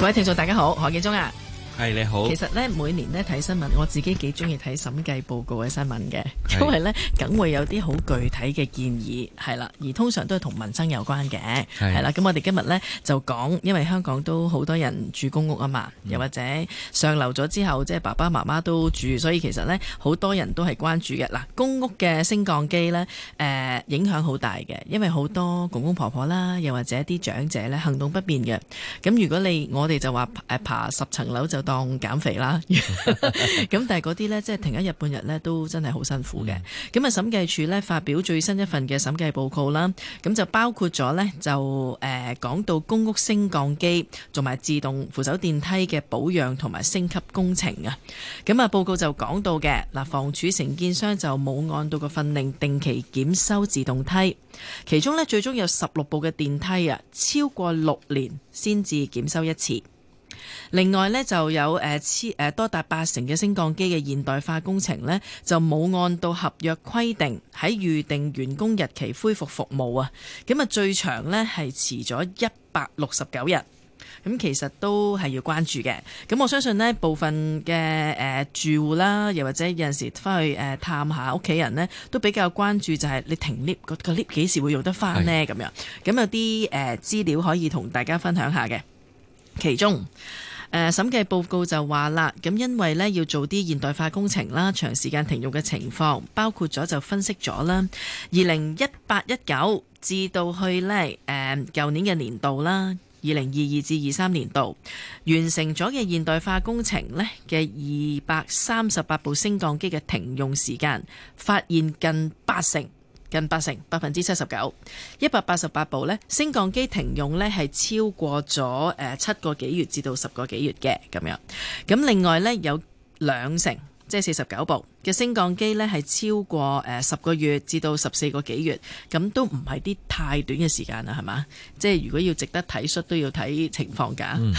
各位聽眾，大家好，何建中啊。係、hey, 你好，其實咧每年咧睇新聞，我自己幾中意睇審計報告嘅新聞嘅，因為咧梗會有啲好具體嘅建議，係啦，而通常都係同民生有關嘅，係啦的。咁我哋今日咧就講，因為香港都好多人住公屋啊嘛，又或者上樓咗之後，即係爸爸媽媽都住，所以其實咧好多人都係關注嘅。嗱，公屋嘅升降機咧、呃，影響好大嘅，因為好多公公婆,婆婆啦，又或者啲長者咧行動不便嘅，咁如果你我哋就話爬,爬十層樓就。當減肥啦，咁 但係嗰啲呢，即係停一日半日呢，都真係好辛苦嘅。咁啊、嗯，審計署呢，發表最新一份嘅審計報告啦，咁就包括咗呢，就誒講、呃、到公屋升降機同埋自動扶手電梯嘅保養同埋升級工程啊。咁啊，報告就講到嘅嗱，房署承建商就冇按到個訓令定期檢修自動梯，其中呢，最終有十六部嘅電梯啊，超過六年先至檢修一次。另外呢，就有多達八成嘅升降機嘅現代化工程呢，就冇按到合約規定喺預定完工日期恢復服務啊！咁啊，最長呢，係遲咗一百六十九日，咁其實都係要關注嘅。咁我相信呢部分嘅誒住戶啦，又或者有陣時翻去探下屋企人呢，都比較關注就係你停 lift、個個 lift 幾時會用得翻呢？咁是的 樣咁有啲誒資料可以同大家分享下嘅。其中，誒、呃、審計報告就話啦，咁因為呢要做啲現代化工程啦，長時間停用嘅情況包括咗就分析咗啦。二零一八一九至到去呢誒舊、呃、年嘅年度啦，二零二二至二三年度完成咗嘅現代化工程呢嘅二百三十八部升降機嘅停用時間，發現近八成。近八成百分之七十九，一百八十八部呢升降機停用呢係超過咗誒七個幾月至到十個幾月嘅咁樣。咁另外呢，有兩成即係四十九部嘅升降機呢，係超過誒十個月至到十四個幾月，咁都唔係啲太短嘅時間啦，係嘛？即係如果要值得睇出都要睇情況噶、嗯。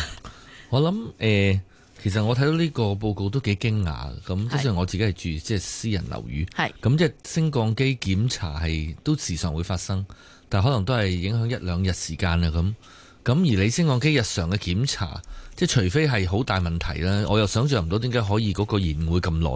我諗誒。呃其實我睇到呢個報告都幾驚訝。咁即係我自己係住即係、就是、私人樓宇，咁是即係升降機檢查係都時常會發生，但可能都係影響一兩日時間啦咁。咁而你升降機日常嘅檢查，即係除非係好大問題啦，我又想像唔到點解可以嗰個延誤會咁耐。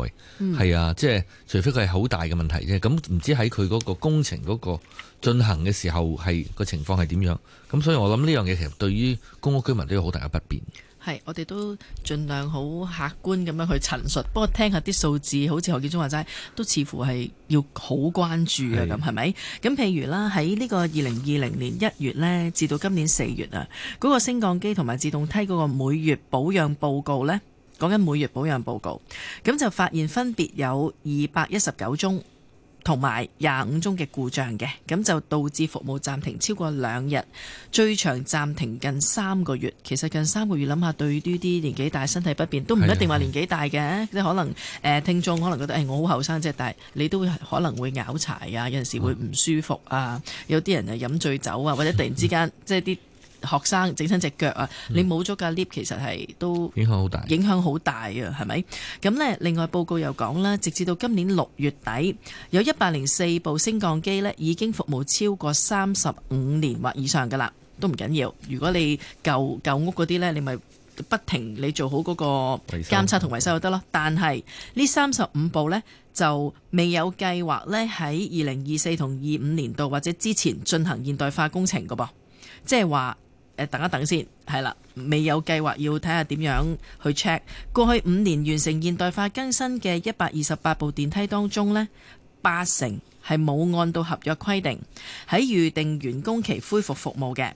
係、嗯、啊，即係除非佢係好大嘅問題啫。咁唔知喺佢嗰個工程嗰個進行嘅時候係個情況係點樣？咁所以我諗呢樣嘢其實對於公屋居民都有好大嘅不便。係，我哋都盡量好客觀咁樣去陳述。不過聽下啲數字，好似何建中話齋，都似乎係要好關注嘅咁，係咪的？咁譬如啦，喺呢個二零二零年一月呢，至到今年四月啊，嗰、嗰個升降機同埋自動梯嗰個每月保養報告呢，講緊每月保養報告，咁就發現分別有二百一十九宗。同埋廿五宗嘅故障嘅，咁就導致服務暫停超過兩日，最長暫停近三個月。其實近三個月想想，諗下對啲啲年紀大、身體不便都唔一定話年紀大嘅，即係是的 可能誒聽眾可能覺得誒、哎、我好後生啫，但係，你都會可能會拗柴啊，有陣時會唔舒服啊，嗯、有啲人就飲醉酒啊，或者突然之間、嗯、即係啲。學生整親隻腳啊！你冇咗架 lift，其實係都影響好大，嗯、影響好大啊！係咪？咁呢另外報告又講啦，直至到今年六月底，有一百零四部升降機呢已經服務超過三十五年或以上噶啦，都唔緊要。如果你舊舊屋嗰啲呢你咪不停你做好嗰個監測同維修就得咯。但係呢三十五部呢，就未有計劃呢喺二零二四同二五年度或者之前進行現代化工程噶噃，即係話。等一等先，係啦，未有計劃要睇下點樣去 check 過去五年完成現代化更新嘅一百二十八部電梯當中呢，八成係冇按到合約規定喺預定完工期恢復服務嘅。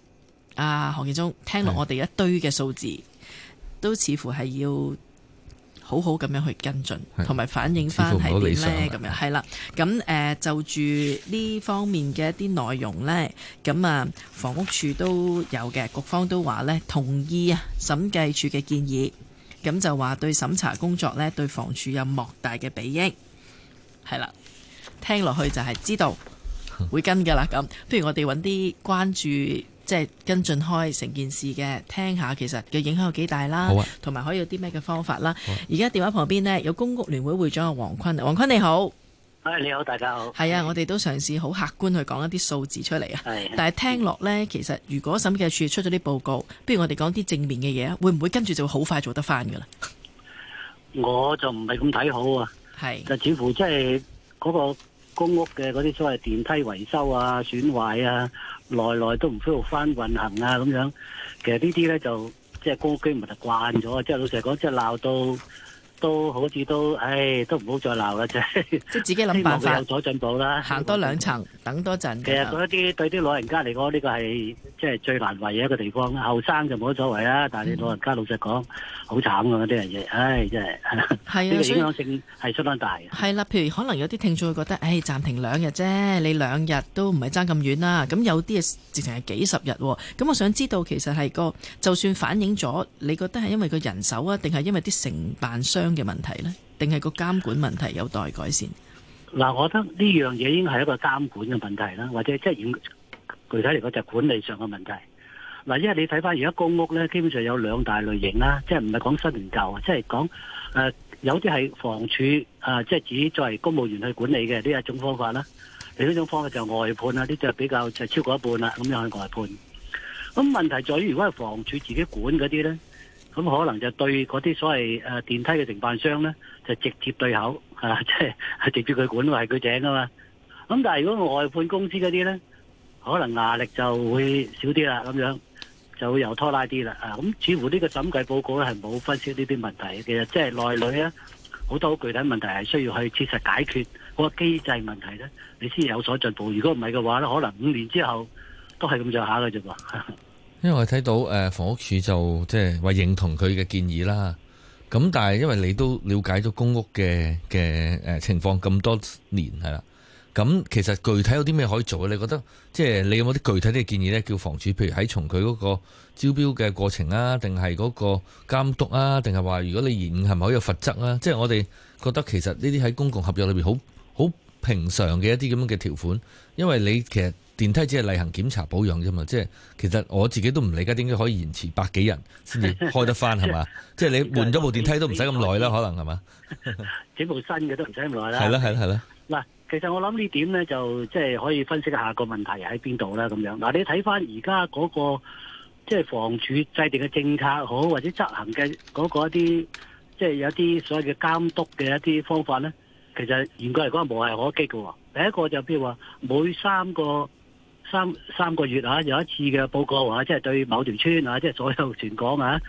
啊，何建中，聽落我哋一堆嘅數字，的都似乎係要。好好咁樣去跟進，同埋是反映翻係點呢？咁樣係啦，咁誒、呃、就住呢方面嘅一啲內容呢，咁啊房屋署都有嘅，局方都話呢，同意啊審計署嘅建議，咁就話對審查工作呢，對房署有莫大嘅裨益，係啦，聽落去就係知道、嗯、會跟嘅啦。咁不如我哋揾啲關注。即係跟進開成件事嘅，聽下其實嘅影響有幾大啦，同埋、啊、可以有啲咩嘅方法啦。而家、啊、電話旁邊呢，有公屋聯會會長阿王坤，王坤你好，你好，大家好。係啊，我哋都嘗試好客觀去講一啲數字出嚟啊。是的但係聽落呢，其實如果審計處出咗啲報告，不如我哋講啲正面嘅嘢啊，會唔會跟住就會好快做得返㗎喇？我就唔係咁睇好啊。係的。就似乎即係嗰個公屋嘅嗰啲所謂電梯維修啊、損壞啊。來來都唔恢復返運行啊，咁樣，其實呢啲咧就即係、就是、高機唔係慣咗，即、就、係、是、老實講，即係鬧到。都好似都，唉，都唔好再鬧啦，即係。即係自己諗辦法。有所進步啦，行多兩層，等多陣。其實嗰一啲對啲老人家嚟講，呢個係即係最難為嘅一個地方。後生就冇乜所謂啦，但係你老人家老實講，好慘㗎啲嘢，唉，真係。係啊，所以影響性係相當大。係啦，譬如可能有啲聽眾會覺得，唉，暫停兩日啫，你兩日都唔係爭咁遠啦。咁有啲嘢直情係幾十日喎。咁我想知道，其實係個就算反映咗，你覺得係因為個人手啊，定係因為啲承辦商？嘅問題咧，定係個監管問題有待改善。嗱、嗯，我覺得呢樣嘢應係一個監管嘅問題啦，或者即係具體嚟講就係管理上嘅問題。嗱，因為你睇翻而家公屋呢，基本上有兩大類型啦，即係唔係講新唔舊啊，即係講誒有啲係房署啊，即、呃、係、就是、自己作為公務員去管理嘅呢一種方法啦。你呢種方法就是外判啦，呢就比較就是、超過一半啦，咁樣去外判。咁問題在於如果係房署自己管嗰啲呢。咁可能就對嗰啲所謂誒電梯嘅承辦商咧，就直接對口，即係直接佢管，係佢整噶嘛。咁但係如果外判公司嗰啲咧，可能壓力就會少啲啦，咁樣就會又拖拉啲啦。啊，咁似乎呢個審計報告咧係冇分析呢啲問題嘅，其實即係內裏呢，好多好具體問題係需要去切實解決好個機制問題咧，你先有所進步。如果唔係嘅話咧，可能五年之後都係咁上下嘅啫。因為我睇到，誒，房屋署就即係話認同佢嘅建議啦。咁但係因為你都了解咗公屋嘅嘅誒情況咁多年係啦，咁其實具體有啲咩可以做咧？你覺得即係你有冇啲具體啲嘅建議呢？叫房署，譬如喺從佢嗰個招標嘅過程啊，定係嗰個監督啊，定係話如果你延誤係咪可以有罰則啊？即係我哋覺得其實呢啲喺公共合約裏邊好好平常嘅一啲咁樣嘅條款，因為你其實。電梯只係例行檢查保養啫嘛，即係其實我自己都唔理解點解可以延遲百幾日先至開得翻係嘛？即係你換咗部電梯都唔使咁耐啦，可能係嘛？整部新嘅都唔使咁耐啦。係咯係係啦。嗱，其實我諗呢點咧，就即係、就是、可以分析下個問題喺邊度啦咁樣。嗱，你睇翻而家嗰個即係、就是、房署制定嘅政策好，好或者執行嘅嗰個一啲，即、就、係、是、有啲所謂嘅監督嘅一啲方法咧，其實嚴格嚟講無懈可擊嘅喎、哦。第一個就譬如話每三個。三三個月啊，有一次嘅報告啊，即係對某條村啊，即係所有全港啊，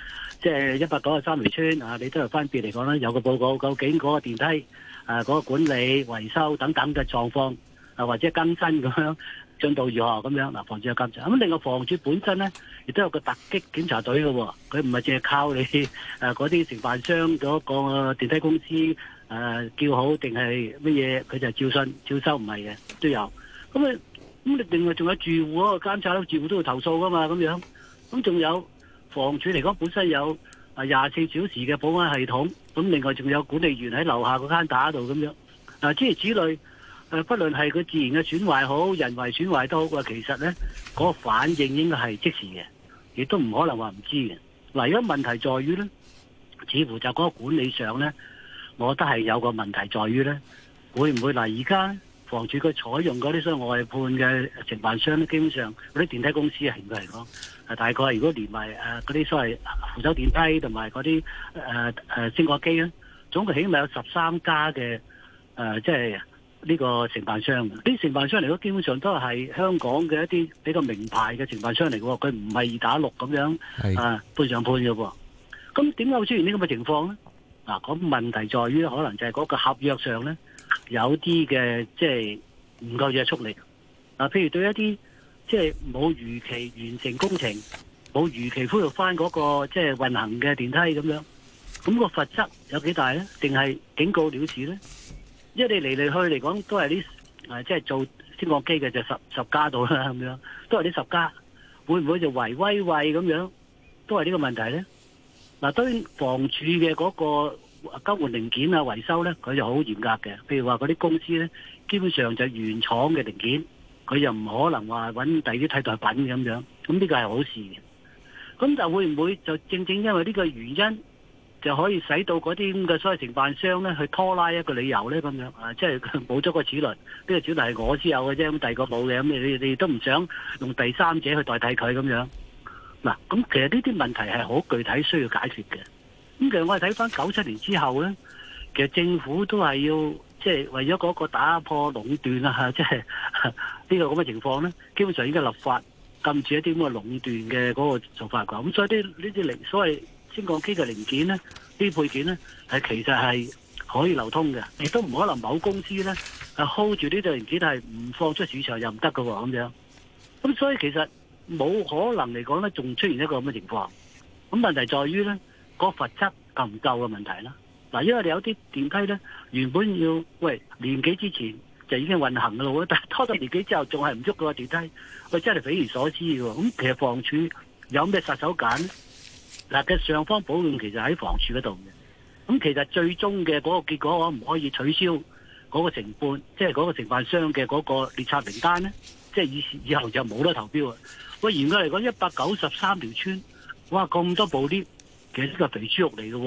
即係一百九十三條村啊，你都係分別嚟講啦。有個報告，究竟嗰個電梯啊，嗰個管理維修等等嘅狀況啊，或者更新咁樣進度如何咁樣嗱、啊，房主有監察，咁另外房主本身咧，亦都有個突擊檢查隊嘅，佢唔係淨係靠你誒，嗰、啊、啲承辦商嗰、嗰個電梯公司誒、啊、叫好定係乜嘢，佢就照信照收唔係嘅都有，咁啊。咁你另外仲有住戶嗰個監察，住戶都要投訴噶嘛，咁樣，咁仲有房署嚟講本身有啊廿四小時嘅保安系統，咁另外仲有管理員喺樓下嗰間打到咁樣子，嗱，諸如此類，誒不論係佢自然嘅損壞好，人為損壞都好其實咧嗰，那個反應應該係即時嘅，亦都唔可能話唔知嘅。嗱、啊，而家問題在於咧，似乎就嗰個管理上咧，我覺得係有個問題在於咧，會唔會嗱而家，房署佢採用嗰啲所謂外判嘅承辦商咧，基本上嗰啲電梯公司嚟嘅嚟講，啊大概如果連埋誒嗰啲所謂扶手電梯同埋嗰啲誒誒升降機咧，總共起碼有十三家嘅誒，即係呢個承辦商嘅。啲承辦商嚟講，基本上都係香港嘅一啲比較名牌嘅承辦商嚟嘅喎，佢唔係二打六咁樣是啊，判上判嘅喎。咁點解會出現呢咁嘅情況咧？嗱、啊，咁問題在於可能就係嗰個合約上咧。有啲嘅即係唔夠約束力，嗱，譬如對一啲即係冇如期完成工程、冇如期恢復翻嗰個即係運行嘅電梯咁樣，咁個罰則有幾大咧？定係警告了事咧？因為你嚟嚟去嚟講都係啲誒，即係做升降機嘅就十十家到啦，咁樣都係啲十家，會唔會就違規違咁樣？都係呢個問題咧。嗱，當然房署嘅嗰個。更換零件啊，維修咧，佢就好嚴格嘅。譬如話嗰啲公司咧，基本上就原廠嘅零件，佢又唔可能話揾第二啲替代品咁樣。咁呢個係好事嘅。咁就會唔會就正正因為呢個原因，就可以使到嗰啲咁嘅所謂承辦商咧去拖拉一個理由咧咁樣啊？即係冇咗個齒輪，呢個齒輪係我先有嘅啫，咁第二個冇嘅，咁你你亦都唔想用第三者去代替佢咁樣嗱？咁其實呢啲問題係好具體需要解決嘅。咁其實我哋睇翻九七年之後咧，其實政府都係要即係、就是、為咗嗰個打破壟斷啊，即係呢個咁嘅情況咧，基本上應該立法禁止一啲咁嘅壟斷嘅嗰個做法㗎。咁所以啲呢啲零所謂升降機嘅零件咧，啲配件咧係其實係可以流通嘅，亦都唔可能某公司咧係 hold 住呢對零件係唔放出市場又唔得嘅喎咁樣。咁所以其實冇可能嚟講咧，仲出現一個咁嘅情況。咁問題在於咧。嗰個罰則夠唔夠嘅問題啦。嗱，因為你有啲電梯咧，原本要喂年幾之前就已經運行嘅咯，但係拖到年幾之後仲係唔足嘅話，電梯喂真係匪夷所思嘅喎。咁其實房署有咩殺手鐧咧？嗱，嘅上方保養其實喺房署嗰度嘅。咁其實最終嘅嗰個結果可唔可以取消嗰個,、就是、個承判，即係嗰個承辦商嘅嗰個列冊名單咧？即係以以後就冇得投標啊！喂，嚴格嚟講，一百九十三條村，哇，咁多部升降機。其實呢個肥豬肉嚟嘅，係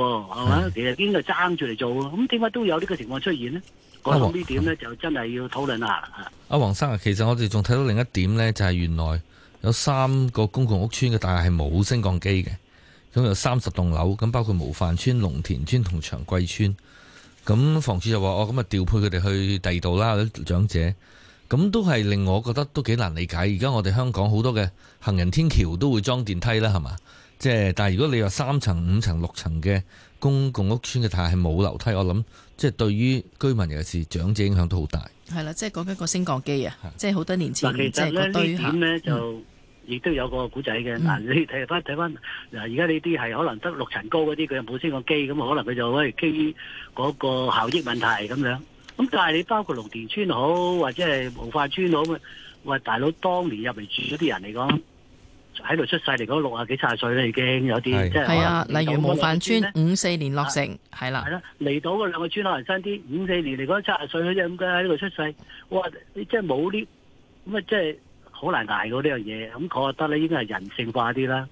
嘛？是其實應該爭住嚟做，咁點解都有呢個情況出現呢？啊、講到呢點咧，啊、就真係要討論下。阿王、啊、生啊，其實我哋仲睇到另一點咧，就係、是、原來有三個公共屋邨嘅，但係係冇升降機嘅。咁有三十棟樓，咁包括模範村、龍田村同長桂村。咁房署就話哦，咁啊調配佢哋去第二度啦，啲長者。咁都係令我覺得都幾難理解。而家我哋香港好多嘅行人天橋都會裝電梯啦，係嘛？即係，但係如果你話三層、五層、六層嘅公共屋邨嘅塔係冇樓梯，我諗即係對於居民尤其是長者影響都好大。係啦，即係講緊個升降機啊，是的即係好多年前即其實咧呢點咧就亦、嗯、都有個古仔嘅。嗱、嗯啊，你睇翻睇翻，嗱而家呢啲係可能得六層高嗰啲，佢冇升降機，咁可能佢就喂基嗰個效益問題咁樣。咁但係你包括農田村好，或者係文化村好，喂大佬當年入嚟住嗰啲人嚟講。喺度出世嚟嗰六啊幾七啊歲啦，已經有啲即係。係啊，例如模範村，村五四年落成，係啦的。係啦的，嚟到嗰兩個村可能爭啲五四年嚟講七十歲佢就咁解喺度出世，哇！你即係冇啲咁啊，即係好難捱嗰呢樣嘢。咁、這個嗯、覺得咧應該係人性化啲啦。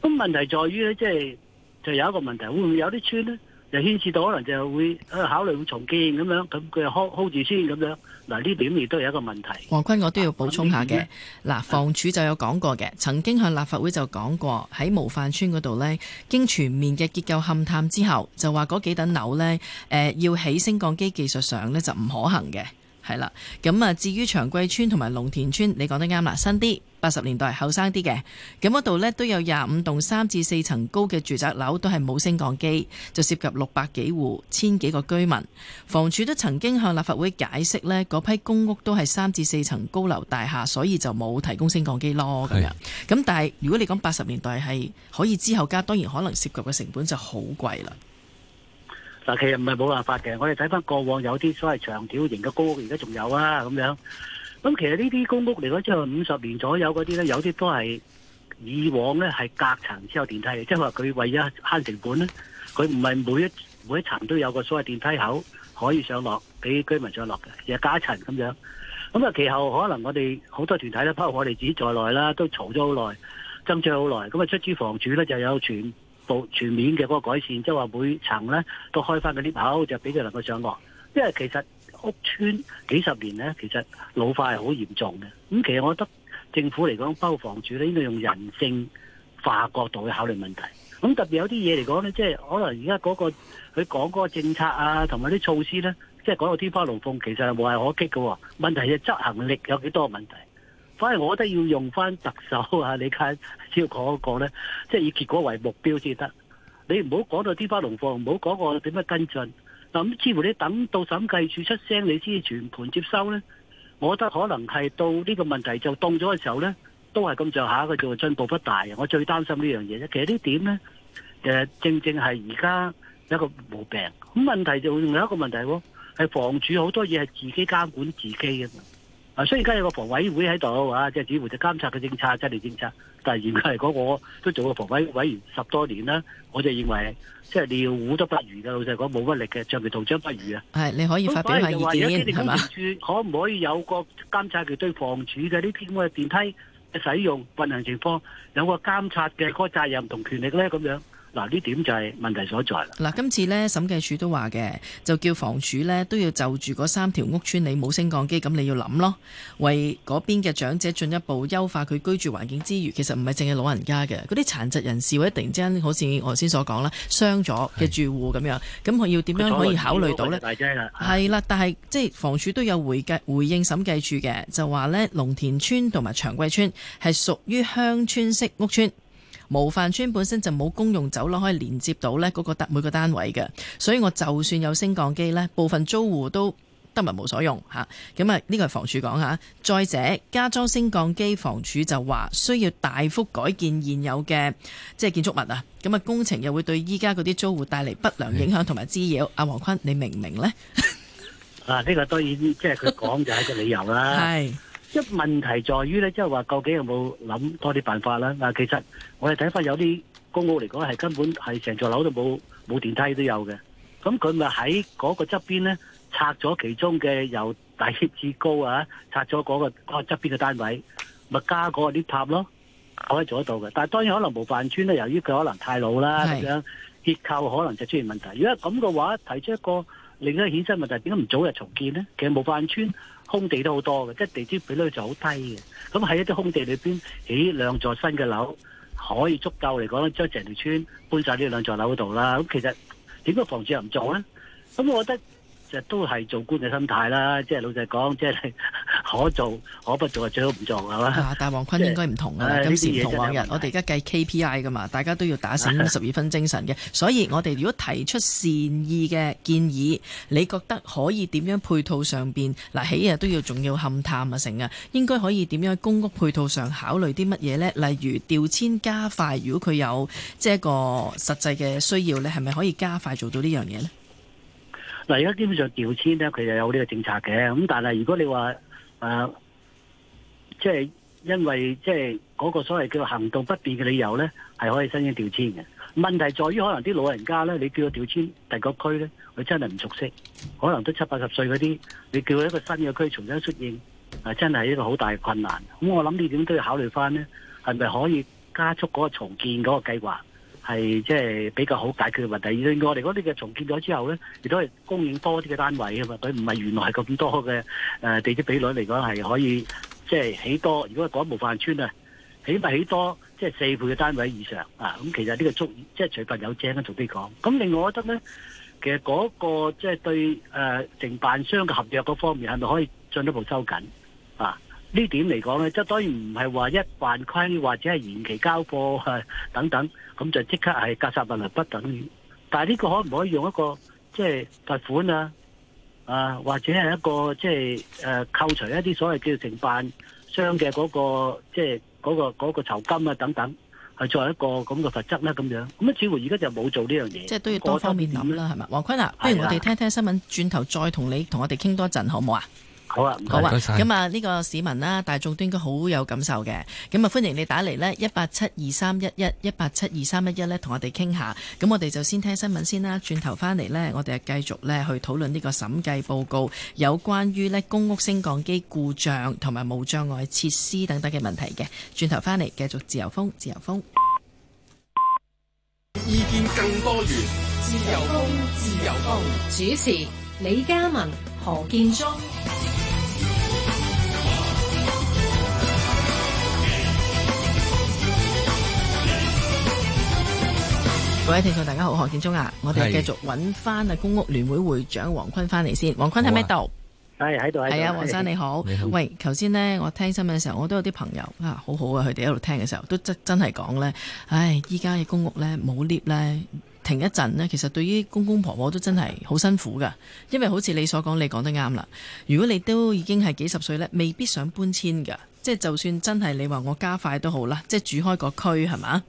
咁問題在於咧，即、就、係、是、就有一個問題，會唔會有啲村咧就牽涉到可能就會考慮會重建咁樣，咁佢又 hold hold 住先咁樣。嗱，呢點亦都有一個問題，王坤，我都要補充下嘅。嗱、啊，房署就有講過嘅，啊、曾經向立法會就講過，喺模範村嗰度咧，經全面嘅結構勘探之後，就話嗰幾等樓咧，誒、呃、要起升降機技術上咧就唔可行嘅。係啦，咁啊至於長貴村同埋龍田村，你講得啱啦，新啲八十年代後生啲嘅，咁嗰度呢都有廿五棟三至四層高嘅住宅樓，都係冇升降機，就涉及六百幾戶千幾個居民。房署都曾經向立法會解釋，呢嗰批公屋都係三至四層高樓大廈，所以就冇提供升降機咯。咁樣是，咁但係如果你講八十年代係可以之後加，當然可能涉及嘅成本就好貴啦。嗱，但其實唔係冇辦法嘅，我哋睇翻過往有啲所謂長條型嘅公屋，而家仲有啊咁樣。咁其實呢啲公屋嚟講，即係五十年左右嗰啲咧，有啲都係以往咧係隔層先有電梯嘅，即係話佢為咗慳成本咧，佢唔係每一每一層都有個所謂電梯口可以上落俾居民上落嘅，而係加一層咁樣。咁啊，其後可能我哋好多團體，包括我哋自己在內啦，都嘈咗好耐，爭執好耐，咁啊，出於房主咧就有傳。全面嘅嗰個改善，即係話每層咧都開翻嗰啲 𨋢 口，就俾佢能夠上落。因為其實屋邨幾十年咧，其實老化係好嚴重嘅。咁、嗯、其實我覺得政府嚟講，包括房署咧，應該用人性化角度去考慮問題。咁、嗯、特別有啲嘢嚟講咧，即係可能而家嗰個佢講嗰個政策啊，同埋啲措施咧，即係講到天花龍鳳，其實係無懈可擊嘅、哦。問題係執行力有幾多問題。反而我覺得要用翻特首啊，李家超講一講，咧，即係以結果為目標先得。你唔好講到天花龍鳳，唔好講我點樣跟進。咁，似乎你等到審計處出聲，你先至全盤接收咧。我覺得可能係到呢個問題就當咗嘅時候咧，都係咁上下嘅，就、啊、叫做進步不大嘅。我最擔心呢樣嘢咧。其實呢點咧，其實正正係而家一個毛病。咁問題就另一個問題喎、啊，係房署好多嘢係自己監管自己嘅。啊，雖然而家有個房委會喺度啊，即係指負責監察嘅政策、制定政策，但係嚴格嚟講，我都做過房委委員十多年啦，我就認為即係你要糊得不如嘅老實講，冇乜力嘅，橡皮圖章不如啊。係，你可以發表下意見係嘛？吧處可唔可以有個監察對房署嘅呢啲咁嘅電梯嘅使用運行情況，有個監察嘅嗰責任同權力咧咁樣？嗱，呢點就係問題所在啦。嗱，今次呢審計署都話嘅，就叫房署呢都要就住嗰三條屋村，你冇升降機，咁你要諗咯，為嗰邊嘅長者進一步優化佢居住環境之餘，其實唔係淨係老人家嘅，嗰啲殘疾人士或者突然之間好似我頭先所講啦，傷咗嘅住戶咁樣，咁佢是要點樣可以考慮到呢？大聲啦！係啦，但係即係房署都有回計回應審計署嘅，就話呢，龍田村同埋長貴村係屬於鄉村式屋村。模範邨本身就冇公用走廊可以連接到呢嗰個每個單位嘅，所以我就算有升降機呢，部分租戶都得物無所用嚇。咁啊，呢個係房署講下，再者加裝升降機，房署就話需要大幅改建現有嘅即係建築物啊。咁啊，工程又會對依家嗰啲租戶帶嚟不良影響同埋滋擾。阿、啊、黃坤，你明唔明呢？ 啊，呢、這個當然即係佢講就係、是、一個理由啦。係。 一問題在於咧，即係話究竟有冇諗多啲辦法啦？嗱，其實我哋睇翻有啲公屋嚟講，係根本係成座樓都冇冇電梯都有嘅。咁佢咪喺嗰個側邊咧，拆咗其中嘅由低至高啊，拆咗嗰個嗰個側邊嘅單位，咪加嗰啲塔咯，可以做得到嘅。但係當然可能模範村咧，由於佢可能太老啦，咁樣結構可能就出現問題。如果咁嘅話，提出一個。另一個衍生問題係點解唔早日重建咧？其實冇帆村空地都好多嘅，即地積比率就好低嘅。咁喺一啲空地裏邊起兩座新嘅樓，可以足夠嚟講咧將成條村搬晒呢兩座樓嗰度啦。咁其實點解房署又唔做咧？咁我覺得。都係做官嘅心態啦，即係老實講，即係可做可不做，就最好唔做，係嘛？但王坤應該唔同啦，今時些同往日。我哋而家計 KPI 噶嘛，大家都要打醒十二分精神嘅。 所以，我哋如果提出善意嘅建議，你覺得可以點樣配套上邊？嗱， 起嘢都要仲要勘探啊，成啊，應該可以點樣喺公屋配套上考慮啲乜嘢呢？例如調遷加快，如果佢有即係一個實際嘅需要咧，係咪可以加快做到呢樣嘢呢？嗱，而家基本上調遷咧，佢就有呢個政策嘅。咁但係如果你話誒，即、呃、係、即係、因為即係嗰個所謂叫行動不便嘅理由咧，係可以申請調遷嘅。問題在於可能啲老人家咧，你叫佢調遷第個區咧，佢真係唔熟悉，可能都七八十歲嗰啲，你叫佢一個新嘅區重新出現係、啊、真係一個好大嘅困難。咁我諗呢點都要考慮翻咧，係咪可以加速嗰個重建嗰個計劃？係即係比較好解決嘅問題。另外，我哋嗰啲嘅重建咗之後咧，亦都係供應多啲嘅單位啊嘛。佢唔係原來咁多嘅誒地積比率嚟講係可以即係起多。如果港冇範村啊，起碼起多即係四倍嘅單位以上啊。咁其實呢個足以，即係除笨有精我同啲講。咁另外我覺得咧，其實嗰個即係對誒、呃、營辦商嘅合約嗰方面，係咪可以進一步收緊啊？呢點嚟講咧，即係當然唔係話一犯規或者係延期交貨、啊、等等，咁就即刻係格殺勿論不等於。但係呢個可唔可以用一個即係罰款啊？啊，或者係一個即係誒、啊、扣除一啲所謂叫承辦商嘅嗰個即係嗰個嗰個嗰個嗰個酬金啊等等，係作為一個咁嘅罰則咧咁樣。咁啊，似乎而家就冇做呢樣嘢。即係都要多方面諗啦，係咪？王坤啊，的不如我哋聽聽新聞，轉頭再同你同我哋傾多陣，好唔好啊？好啊，謝謝好啊，咁啊呢個市民啦、啊，大眾都應該好有感受嘅。咁啊，歡迎你打嚟，呢，11，呢一八七二三一一一八七二三一一呢同我哋傾下。咁我哋就先聽新聞先啦。轉頭翻嚟呢，我哋繼續呢去討論呢個審計報告有關於呢公屋升降機故障同埋無障礙設施等等嘅問題嘅。轉頭翻嚟，繼續自由風，自由風。意見更多元自，自由風，自由風。主持：李嘉文、何建忠。各位聽眾，大家好，何建中啊，我哋繼續搵翻阿公屋聯會會長王坤翻嚟先。王坤喺咩度？係喺度，係啊，王、啊、生你好。你好。喂，頭先呢，我聽新聞嘅時候，我都有啲朋友啊，好好啊，佢哋喺度聽嘅時候，都真真係講咧，唉，依家嘅公屋呢，冇 lift 咧，停一陣呢。其實對於公公婆婆、婆都真係好辛苦噶，因為好似你所講，你講得啱啦，如果你都已經係幾十歲呢，未必想搬遷噶。即係就算真係你話我加快都好啦，即係住開個區係嘛？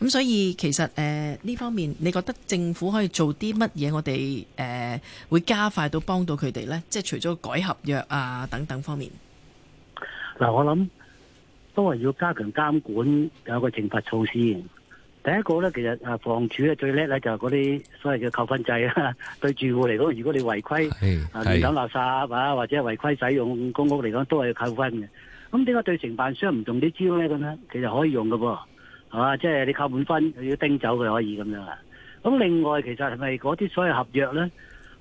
咁所以其實誒呢、呃、方面，你覺得政府可以做啲乜嘢？我哋誒會加快到幫到佢哋呢，即係除咗改合約啊等等方面。嗱，我諗都係要加強監管，有個懲罰措施。第一個呢，其實啊房署咧最叻咧就係嗰啲所謂嘅扣分制啊， 對住戶嚟講，如果你違規亂抌垃圾啊，或者違規使用公屋嚟講，都係要扣分嘅。咁點解對承辦商唔用啲招咧咁樣？其實可以用㗎噃，係嘛？即係你扣滿分，佢要叮走佢，可以咁樣啊。咁另外其實係咪嗰啲所謂合約咧，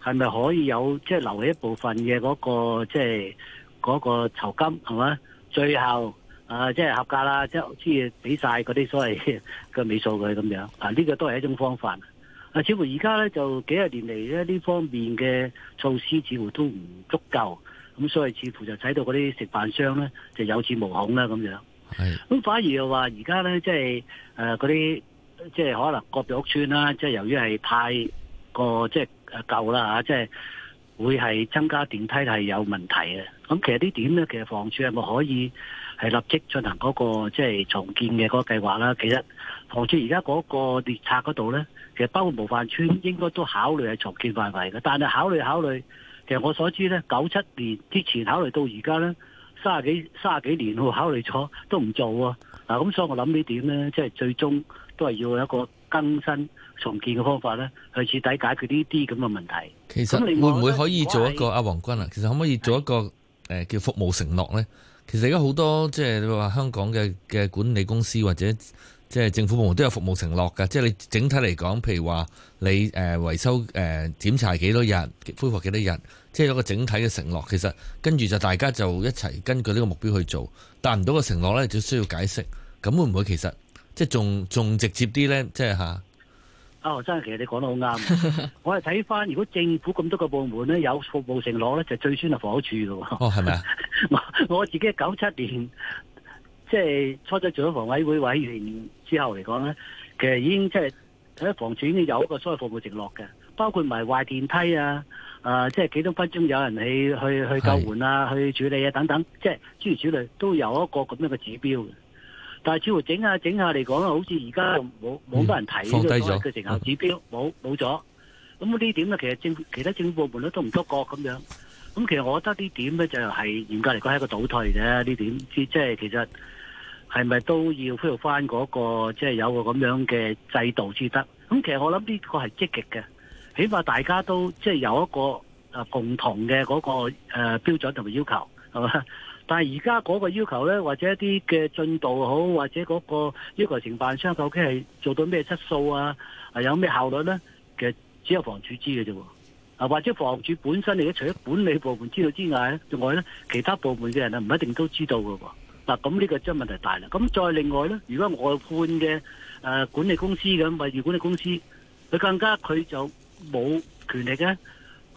係咪可以有即係、即係、留起一部分嘅嗰、嗰個即係嗰個酬金係嘛？最後啊，即、就、係、係、合格啦，即係即係俾晒嗰啲所謂嘅尾數佢咁樣啊。呢、呢個都係一種方法啊。似乎而家咧就幾十年嚟咧呢方面嘅措施似乎都唔足夠。咁所以似乎就睇到嗰啲食飯商咧就有恃無恐啦咁樣。係是，咁反而又話而家咧即係誒嗰啲即係可能邨、就是、個別屋邨啦，即係由於係太個即係舊啦吓，即、啊、係、就是、會係增加電梯係有問題嘅。咁其實呢點咧，其實房署係咪可以係立即進行嗰、那個即係、就是、重建嘅嗰個計劃啦？其實房署而家嗰個列冊嗰度咧，其實包括模範邨應該都考慮係重建範圍嘅，但係考慮考慮。其實我所知咧，九七年之前考慮到而家咧，三十幾三十幾年去考慮咗都唔做啊。嗱咁，所以我諗呢點咧，即係最終都係要有一個更新重建嘅方法咧，去徹底解決呢啲咁嘅問題。其實外會唔會可以做一個阿王、啊、坤啊？其實可唔可以做一個誒是、呃、叫服務承諾咧？其實而家好多即係你話香港嘅嘅管理公司或者。即係政府部門都有服務承諾嘅。即係你整體嚟講，譬如話你誒維修誒檢查幾多日，恢復幾多日，即係有個整體嘅承諾。其實跟住就大家就一齊根據呢個目標去做，達唔到個承諾呢，就需要解釋。咁會唔會其實即係仲仲直接啲呢？即係吓。哦，真係，其實你講得好啱。 我係睇翻，如果政府咁多個部門呢，有服務承諾呢，就最先係房屋署嘅。哦，係咪啊？ 我我自己九七年。即係初初做咗房委會委員之後嚟講咧，其實已經即係喺房署已經有一個所謂服務承諾嘅，包括埋壞電梯啊，啊即係幾多分鐘有人去去去救援啊，去處理啊等等，即係諸如此類，都有一個咁樣嘅指標。但係似乎整下整下嚟講咧，好似而家冇冇多人睇，放低咗嘅成效指標，冇冇咗。咁呢點咧，其實政其他政府部門咧都唔多覺咁樣。咁其實我覺得呢點咧就係嚴格嚟講係一個倒退嘅呢點，即係其實。係咪都要回到翻、那、嗰個即係、就是、有個咁樣嘅制度至得？咁其實我諗呢個係積極嘅，起碼大家都即係、就是、有一個啊共同嘅嗰個標準同埋要求，係嘛？但係而家嗰個要求咧，或者一啲嘅進度好，或者嗰個要求承辦商究竟係做到咩質素啊，有咩效率咧？其實只有房署知嘅啫喎，啊或者房署本身亦除咗管理部門知道之外咧，另外咧其他部門嘅人啊唔一定都知道嘅喎。嗱，咁呢個真問題大啦。咁再另外呢，如果外判嘅誒管理公司咁，維、呃、住管理公司，佢、呃、更加佢就冇權力呢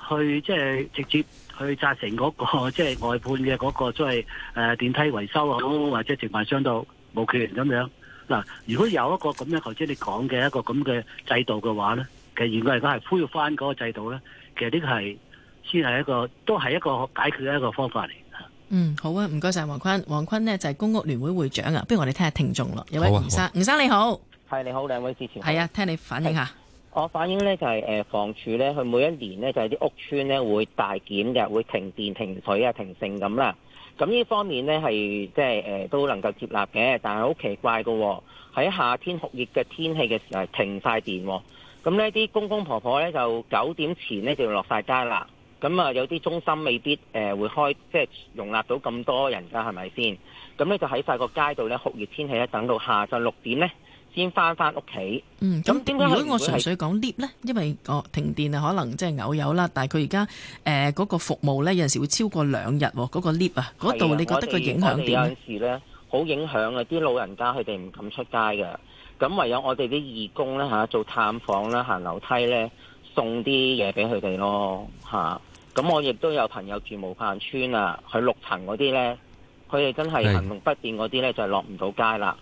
去即係、就是、直接去責成嗰、那個即係、就是、外判嘅嗰、那個即係誒電梯維修啊，或者直辦商都冇權咁樣。嗱、呃，如果有一個咁樣頭先你講嘅一個咁嘅制度嘅話呢，其實如果係都係恢復返嗰個制度呢，其實呢個係先係一個都係一個解決一個方法嚟。嗯，好啊，唔該晒王坤，王坤呢就係、是、公屋聯會會長啊，不如我哋聽下聽眾咯。有位吳生，吳、啊啊、生你好，係你好，兩位之前係啊，聽你反映下。我反映呢就係誒，房署呢，佢每一年呢就係、是、啲屋邨呢會大檢嘅，會停電、停水啊、停性咁啦。咁呢方面呢係即係誒都能夠接納嘅，但係好奇怪喎、哦。喺夏天酷熱嘅天氣嘅時候停晒電、哦，咁呢啲公公婆婆呢，就九點前呢就落晒街啦。咁啊，有啲中心未必誒會開，即係容納到咁多人㗎，係咪先？咁咧就喺晒個街度咧，酷熱天氣咧，等到下晝六點咧，先返返屋企。嗯，咁點解？如果我純粹講 lift 咧，因為哦停電啊，可能即係偶有啦，但係佢而家誒嗰個服務咧，有陣時會超過兩日喎，嗰個 lift 啊，嗰度你覺得佢影響點？有陣時咧，好影響啊！啲老人家佢哋唔敢出街㗎，咁唯有我哋啲義工咧吓做探訪啦，行樓梯咧，送啲嘢俾佢哋咯，吓。咁我亦都有朋友住模範村啊，佢六層嗰啲呢，佢哋真係行動不便嗰啲呢，就落唔到街啦。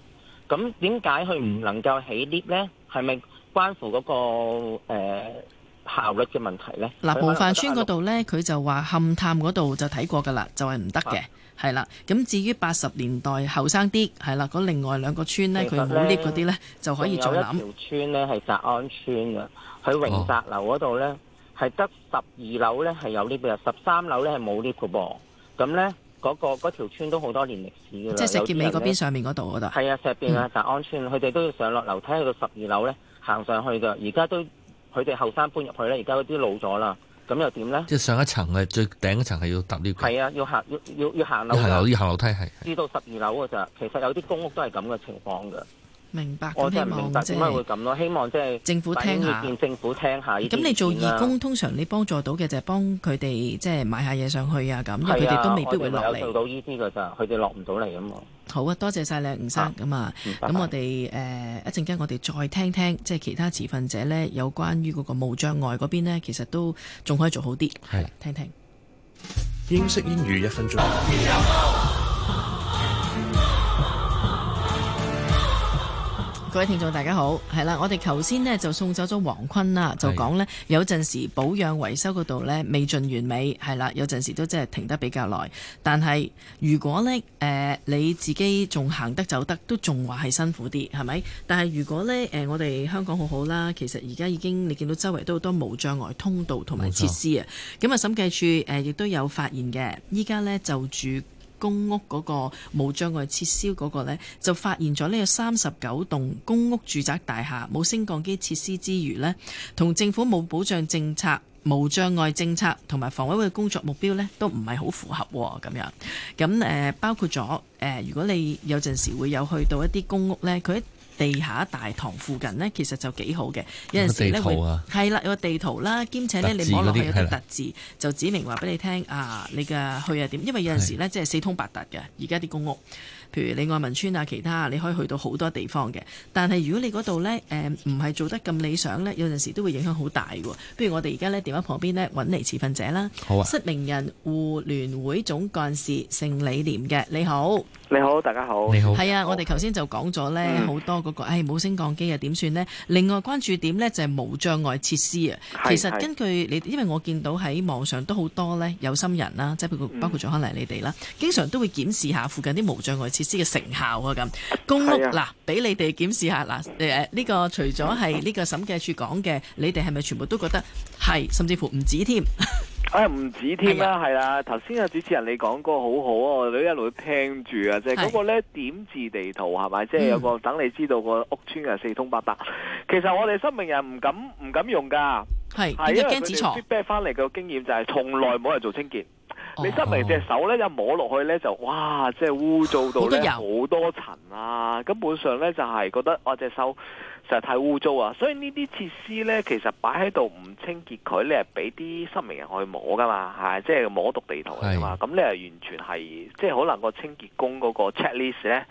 咁點解佢唔能夠起 lift 呢？係咪關乎嗰、嗰個誒、呃、效率嘅問題呢？嗱，模範村嗰度呢，佢就話勘探嗰度就睇過噶啦，就係唔得嘅，係啦的。咁至於八十年代後生啲，係啦，嗰另外兩個村呢，佢冇 lift 嗰啲呢，就可以再諗，一條村，村呢，係澤安村嘅，喺榮澤樓嗰度呢。係得十二樓咧，係有 lift 十三樓咧係冇 lift 噶噃，咁咧嗰個嗰條村都好多年歷史噶啦。即係石硤尾嗰邊上面嗰度啊？得係啊，石硤尾啊，大、嗯、安村，佢哋都要上落樓梯去到十二樓咧，樓行上去噶。而家都佢哋後生搬入去咧，而家嗰啲老咗啦，咁又點咧？即係上一層嘅最頂一層係要搭 lift。係啊，要行要要要行樓。要行樓要行樓梯係。至到十二樓噶咋，其實有啲公屋都係咁嘅情況嘅明白，我真係明白點解會咁咯。是希望即係政府聽下，聽下政府聽下呢啲。咁你做義工，通常你幫助到嘅就係幫佢哋即係買下嘢上去啊。咁因為佢哋都未必會落嚟，啊。我哋做到呢啲㗎啫，佢哋落唔到嚟啊嘛。好啊，多謝晒啊吳生咁啊。咁麼不行 我哋，呃、一陣間，我哋再聽聽，即係其他持份者呢，有關於嗰個無障礙嗰邊呢，其實都仲可以做好啲。係，是的 聽聽。英式英語一分鐘各位聽眾，大家好。係啦，我哋頭先呢就送走咗王坤啦，就講呢：是有陣時保養維修嗰度呢未盡完美，係啦，有陣時都即係停得比較耐。但係如果呢，誒、呃、你自己仲行得走得都仲話係辛苦啲，係咪？但係如果呢，誒、呃、我哋香港好好啦，其實而家已經你見到周圍都好多無障礙通道同埋設施啊。咁啊審計處誒亦都有發現嘅，依家呢，就住。公屋嗰、那個冇障礙設施嗰個呢，就發現咗呢個三十九棟公屋住宅大廈冇升降機設施之餘呢，同政府冇保障政策、無障礙政策同埋房委會嘅工作目標呢，都唔係好符合咁、哦、樣。咁、呃、包括咗、呃、如果你有陣時會有去到一啲公屋呢。佢。地下大堂附近呢，其實就幾好嘅。有陣時呢，會係啦，有個地圖啦，兼且呢，你摸落去有啲特字，的就指明話俾你聽啊，你嘅去呀點？因為有陣時呢，即係四通八達嘅。而家啲公屋，譬如你愛民村啊，其他你可以去到好多地方嘅。但係如果你嗰度呢，誒唔係做得咁理想呢，有陣時都會影響好大喎。不如我哋而家呢，電話旁邊呢，揾嚟持份者啦，失明人互聯會總幹事盛李廉嘅，你好。你好，大家好。你好。係啊，我哋頭先就講咗咧，好多嗰、嗰個，誒、嗯，冇升、哎、降機啊，點算呢？另外關注點咧就係無障礙設施啊。其實根據你，是是因為我見到喺網上都好多咧，有心人啦，即係包括咗可能你哋啦，嗯、經常都會檢視下附近啲無障礙設施嘅成效啊。咁公屋嗱，俾你哋檢視下嗱，誒誒，呢個除咗係呢個審計處講嘅，你哋係咪全部都覺得係，甚至乎唔止添？ 哎、啊唔止添啦，係啦、啊，頭先啊主持人你講個好好啊，我哋一路都聽住啊，即係嗰個咧點字地圖係咪？即係、就是、有個等你知道個屋村嘅四通八達。嗯、其實我哋失明人唔敢唔敢用噶，係係是因為佢指錯。back 翻嚟嘅經驗就係從來冇人做清潔，嗯、你失明隻手咧一摸落去咧就哇，即係污糟到咧好多塵啊，根本上咧就係、是、覺得哇隻手。實太污糟啊！所以呢啲設施呢，其實擺喺度唔清潔佢，你係俾啲失明人去摸噶嘛，即係摸讀地圖係嘛。咁是的 你係完全係即係可能個清潔工嗰個 checklist 呢，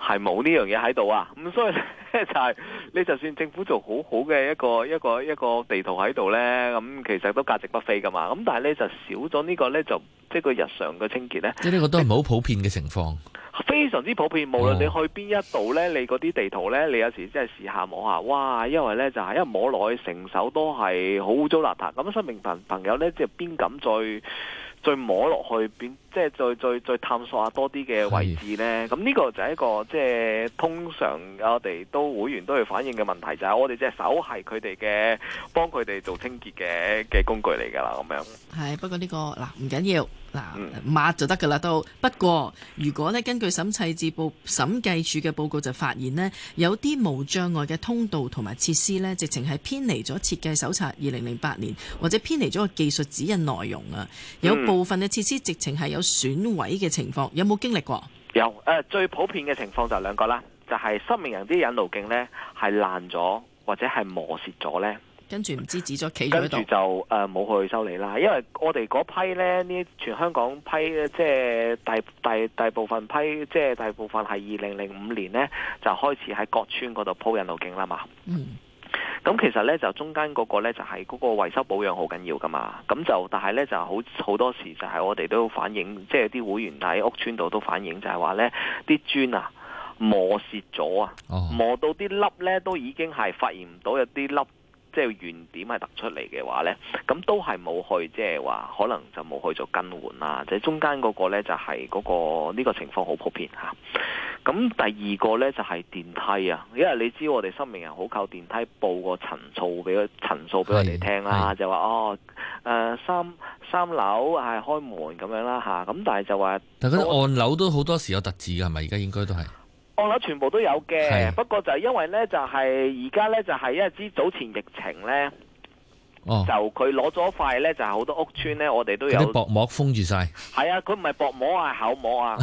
係冇呢樣嘢喺度啊。咁所以呢，就係、是、你就算政府做好好嘅一個一個一個,一個地圖喺度呢，咁其實都價值不菲噶嘛。咁但係你就少咗呢個呢，就即係個日常嘅清潔咧，呢個都係好普遍嘅情況。非常之普遍，無論你去邊一度呢，你嗰啲地圖呢，你有時真係試下摸下，哇！因為呢，就係因為摸落去，成手都係好污糟邋遢。咁所以失明朋友呢，即係邊敢再再摸落去，變即係再再探索下多啲嘅位置呢。咁呢是個就係一個即係通常我哋都會員都係反映嘅問題，就係、是、我哋隻手係佢哋嘅幫佢哋做清潔嘅嘅工具嚟㗎啦。咁樣係不過呢、這個嗱唔緊要。嗱，嗯、抹就得噶啦都。不過，如果呢根據審細節報審計署嘅報告就發現呢，有啲無障礙嘅通道同埋設施呢，直情係偏離咗設計手冊二零零八年，或者偏離咗個技術指引內容啊。有部分嘅設施直情係有損毀嘅情況，嗯、有冇經歷過？有，誒、呃、最普遍嘅情況就兩個啦，就係、是、失明人啲引路徑呢，係爛咗，或者係磨蝕咗呢。跟住唔知指咗，企咗喺度。跟住就冇、呃、去修理啦，因為我哋嗰批咧，呢全香港批，即係大大大部分批，即係大部分係二零零五年咧，就開始喺各村嗰度鋪引路徑啦嘛。嗯。咁其實咧，就中間嗰個咧，就係、是、嗰個維修保養好緊要噶嘛。咁就但係咧，就好好多時就係我哋都反映，即係啲會員喺屋村度都反映，就係話咧啲磚啊磨蝕咗啊，磨、嗯、磨到啲粒咧都已經係發現唔到有啲粒。即係原點係突出嚟嘅話呢，咁都係冇去，即係話可能就冇去做更換啦。即係中間嗰個就係嗰個呢個情況好普遍嚇。咁第二個呢，就係電梯啊，因為你知我哋失明人好靠電梯報個層數俾佢，層數俾佢哋聽啦，就話哦、呃、三三樓係開門咁樣啦嚇。咁但係就話，但係按樓都好多時有凸字嘅係咪？而家應該都係。按全部都有嘅，的不過就係因為咧，就係而家咧，就係因為之早前疫情咧。哦、就佢攞咗一塊咧，就係、是、好多屋村咧，我哋都有。薄膜封住晒。係啊，佢唔係薄膜啊，厚膜啊。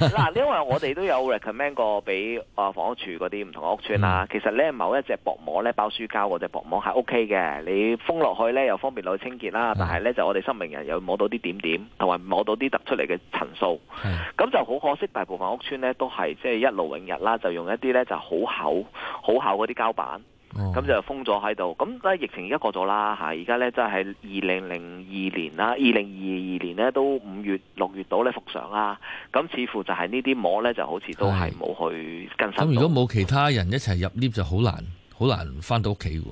嗱， 因為我哋都有 recommend 過俾啊房屋署嗰啲唔同屋村啦、啊。嗯、其實咧，某一隻薄膜咧，包書膠嗰隻薄膜係 OK 嘅。你封落去咧，又方便攞去清潔啦。嗯、但係咧，就我哋失明人又摸到啲點點，同埋摸到啲突出嚟嘅塵數。咁是就好可惜，大部分屋村咧都係即係一勞永逸啦，就用一啲咧就好厚、好厚嗰啲膠板。咁、哦、就封咗喺度。咁但係疫情而家過咗啦，吓而家咧即係二零零二年啦，二零二二年咧都五月六月到咧復常啦。咁似乎就係呢啲膜咧就好似都係冇去更新。咁如果冇其他人一齊入 lift 就好難，好難翻到屋企㗎。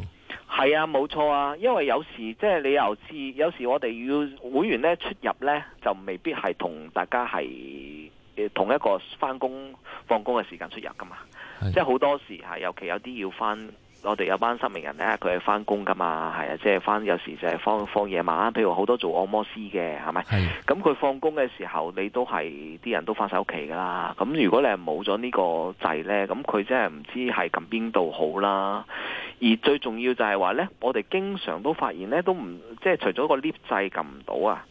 係啊，冇錯啊。因為有時即係你又知，有時我哋要會員咧出入咧，就未必係同大家係同一個翻工放工嘅時間出入㗎嘛。的即係好多時嚇，尤其有啲要翻。我哋有班失明人咧，佢係翻工噶嘛，係啊，即係翻有時就係放放夜晚，譬如好多做按摩師嘅，係咪？咁佢放工嘅時候，你都係啲人都翻晒屋企噶啦。咁如果你係冇咗呢個掣咧，咁佢真係唔知係撳邊度好啦。而最重要就係話咧，我哋經常都發現咧，都唔即係除咗個 lift 掣撳唔到啊，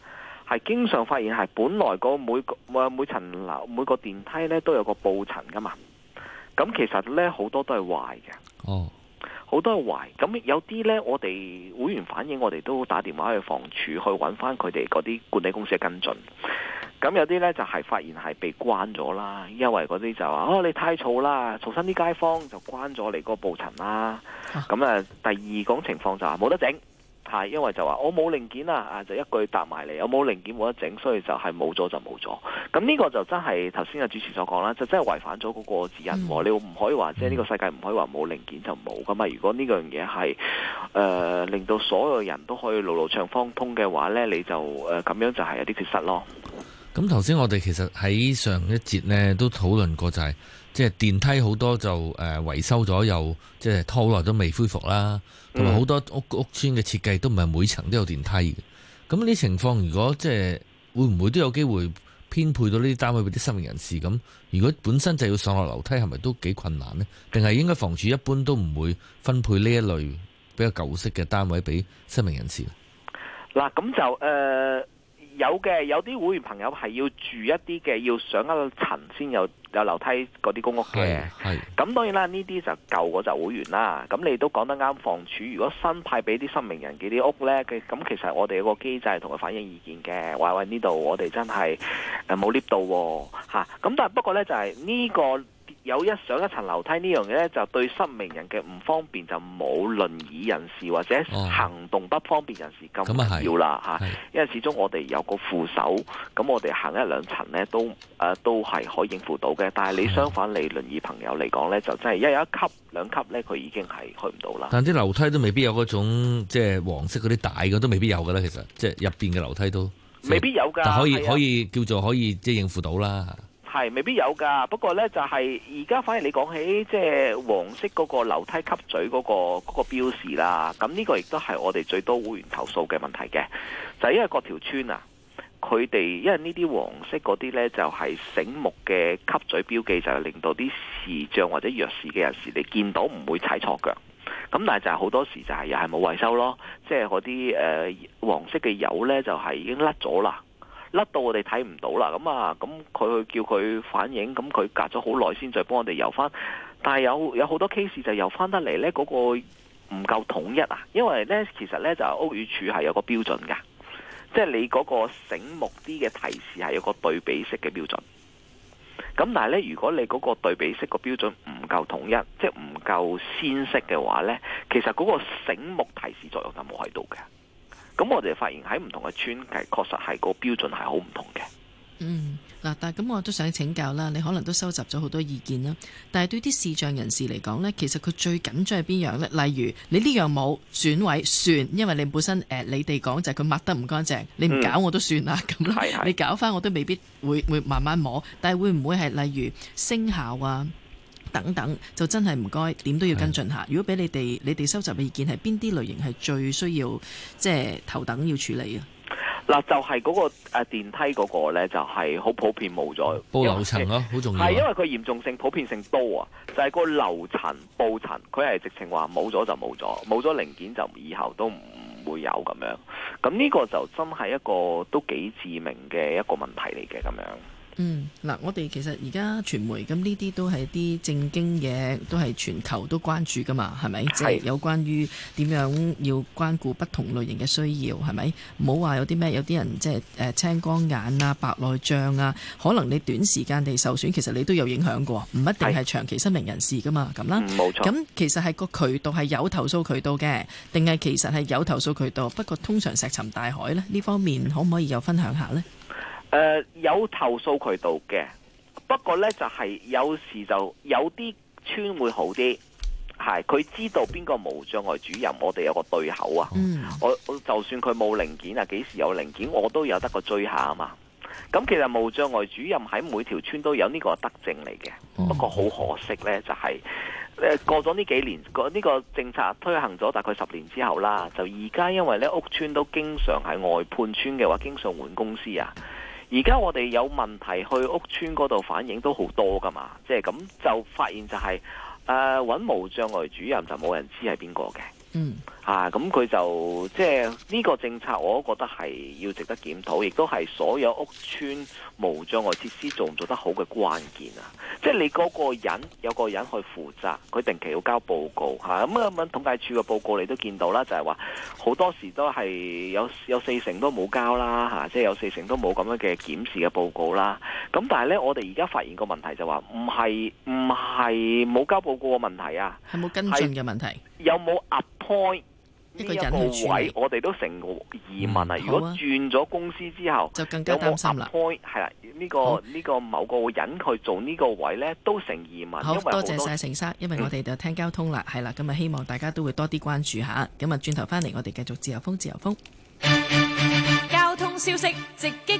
係經常發現係本來個每個每層樓每，每個電梯咧都有個布層噶嘛。咁其實咧好多都係壞嘅。哦。好多係壞，咁有啲呢，我哋會員反映，我哋都打電話去房署去揾翻佢哋嗰啲管理公司嘅跟進，咁有啲呢，就係、是、發現係被關咗啦，因為嗰啲就話哦你太嘈啦，嘈親啲街坊就關咗你嗰個報層啦，咁啊第二種情況就話、是、冇得整。因為就話我冇零件啦，啊就一句答埋嚟。我冇零件冇得整，所以就係冇咗就冇咗。咁呢個就真係頭先阿主持所講啦，就真係違反咗嗰個指引、嗯、你唔可以話、嗯、即係呢個世界唔可以話冇零件就冇㗎嘛。如果呢樣嘢係誒令到所有人都可以路路暢方通嘅話呢，你就誒咁、呃、樣就係有啲缺失咯。咁頭先我哋其實喺上一節呢都討論過、就是，就係即係電梯好多就誒、呃、維修咗又即係拖好耐都未恢復啦。同埋好多屋屋邨嘅設計都唔係每層都有電梯嘅，咁呢啲情況如果即係會唔會都有機會編配到呢啲單位俾啲失明人士？咁如果本身就要上落樓梯，係咪都幾困難呢？定係應該房署一般都唔會分配呢一類比較舊式嘅單位俾失明人士？嗱，咁就誒。有嘅，有啲會員朋友係要住一啲嘅，要上一個層先有有樓梯嗰啲公屋嘅。係，咁當然啦，呢啲就舊嗰就會員啦。咁你都講得啱，房署如果新派俾啲失明人嘅啲屋咧，嘅咁其實我哋有個機制同佢反映意見嘅，喂，這裡的話喺呢度我哋真係誒冇 lift 到喎咁但係不過咧就係呢個。有一上一層樓梯呢樣嘢咧，就對失明人嘅唔方便就冇輪椅人士或者行動不方便人士咁重要啦嚇。因為始終我哋有個扶手，咁我哋行一兩層咧都誒、呃、都係可以應付到嘅。但係你相反、啊、你輪椅朋友嚟講咧，就真係一有一級兩級咧，佢已經係去唔到啦。但啲樓梯都未必有嗰種即係黃色嗰啲帶嘅，都未必有㗎啦，其實即係入邊嘅樓梯都未必有㗎。但可以的可以叫做可以即係應付到啦。係，未必有㗎。不過呢，就係而家反而你講起即係、就是、黃色嗰個樓梯吸嘴嗰、那個嗰、那個、標示啦。咁呢個亦都係我哋最多會員投訴嘅問題嘅。就因為各條村啊，佢哋因為呢啲黃色嗰啲呢，就係、是、醒目嘅吸嘴標記，就係、是、令到啲視障或者弱視嘅人士你見到唔會踩錯腳。咁但係就係好多時候就係又係冇維修咯。即係嗰啲誒黃色嘅油呢，就係、是、已經甩咗啦。甩到我哋睇唔到啦，咁啊，咁佢去叫佢反映，咁佢隔咗好耐先再幫我哋游翻，但係有有好多 case 就游翻得嚟呢，嗰個唔夠統一啊，因為呢，其實呢，就屋宇署係有個標準嘅，即係你嗰個醒目啲嘅提示係有個對比色嘅標準。咁但係呢，如果你嗰個對比色個標準唔夠統一，即係唔夠鮮色嘅話呢，其實嗰個醒目提示作用就冇喺度嘅。咁我哋發現喺唔同嘅村係確實係個標準係好唔同嘅。嗯，嗱，但係咁，我都想請教啦。你可能都收集咗好多意見啦。但係對啲視障人士嚟講呢，其實佢最緊張係邊樣呢？例如你呢樣冇轉位算，因為你本身誒，你哋講就係佢抹得唔乾淨，你唔搞我都算啦。咁你搞翻我都未必會會慢慢摸。但係會唔會係例如聲效啊？等等就真係唔該，點都要跟進一下。的如果俾你哋，你哋收集嘅意見係邊啲類型係最需要即係頭等要處理啊？嗱為，就係嗰個誒電梯嗰個咧，就係好普遍冇咗布樓層咯，好重要，啊。係因為佢嚴重性普遍性多啊，就係、是、個樓層布層，佢係直情話冇咗就冇咗，冇咗零件就以後都唔會有咁樣。咁呢個就真係一個都幾致命嘅一個問題嚟嘅咁樣。嗯，嗱，我哋其實而家傳媒咁呢啲都係啲正經嘢，都係全球都關注噶嘛，係咪？係。即係有關於點樣要關顧不同類型嘅需要，係咪？唔好話有啲咩，有啲人即係誒青光眼啊、白內障啊，可能你短時間地受損，其實你都有影響過，唔一定係長期失明人士噶嘛，咁啦。冇錯、嗯、咁其實係個渠道係有投訴渠道嘅，定係其實係有投訴渠道，不過通常石沉大海咧。呢方面可唔可以有分享下咧？誒、呃，有投訴渠道嘅，不過呢就係、是、有時就有啲村會好啲，係佢知道邊個無障礙主任，我哋有個對口啊。嗯，我我就算佢冇零件啊，幾時有零件，我都有得個追下啊嘛。咁其實無障礙主任喺每條村都有呢個德政嚟嘅，不過好可惜呢，就係、是呃、過咗呢幾年，呢、這個政策推行咗大概十年之後啦，就而家因為呢屋村都經常係外判村嘅話，經常換公司啊。而家我哋有問題去屋村嗰度反映都好多㗎嘛，即係噉就發現就係、是、揾、呃、無障礙主任就冇人知係邊個嘅。嗯。啊，咁佢就即係呢個政策，我都覺得係要值得檢討，亦都係所有屋邨無障礙設施做唔做得好嘅關鍵啊！即係你嗰個人有個人去負責，佢定期要交報告，吓咁啊，咁統計處嘅報告你都見到啦，就係話好多時都係有有四成都冇交啦，吓即係有四成都冇咁樣嘅檢視嘅報告啦。咁、啊、但係呢，我哋而家發現個問題就話唔係唔係冇交報告嘅問題啊，係冇跟進嘅問題，有冇 appoint？一個人去住，我哋都成疑問啦。如果轉咗公司之後，就更加擔心啦，有冇拆開？係啦，呢個呢個某個人去做呢個位呢，都成疑問。好多謝晒盛生，因為我哋就聽交通啦，係啦。咁啊希望大家都會多啲關注下。咁啊，轉頭翻嚟我哋繼續自由風，自由風。交通消息直擊。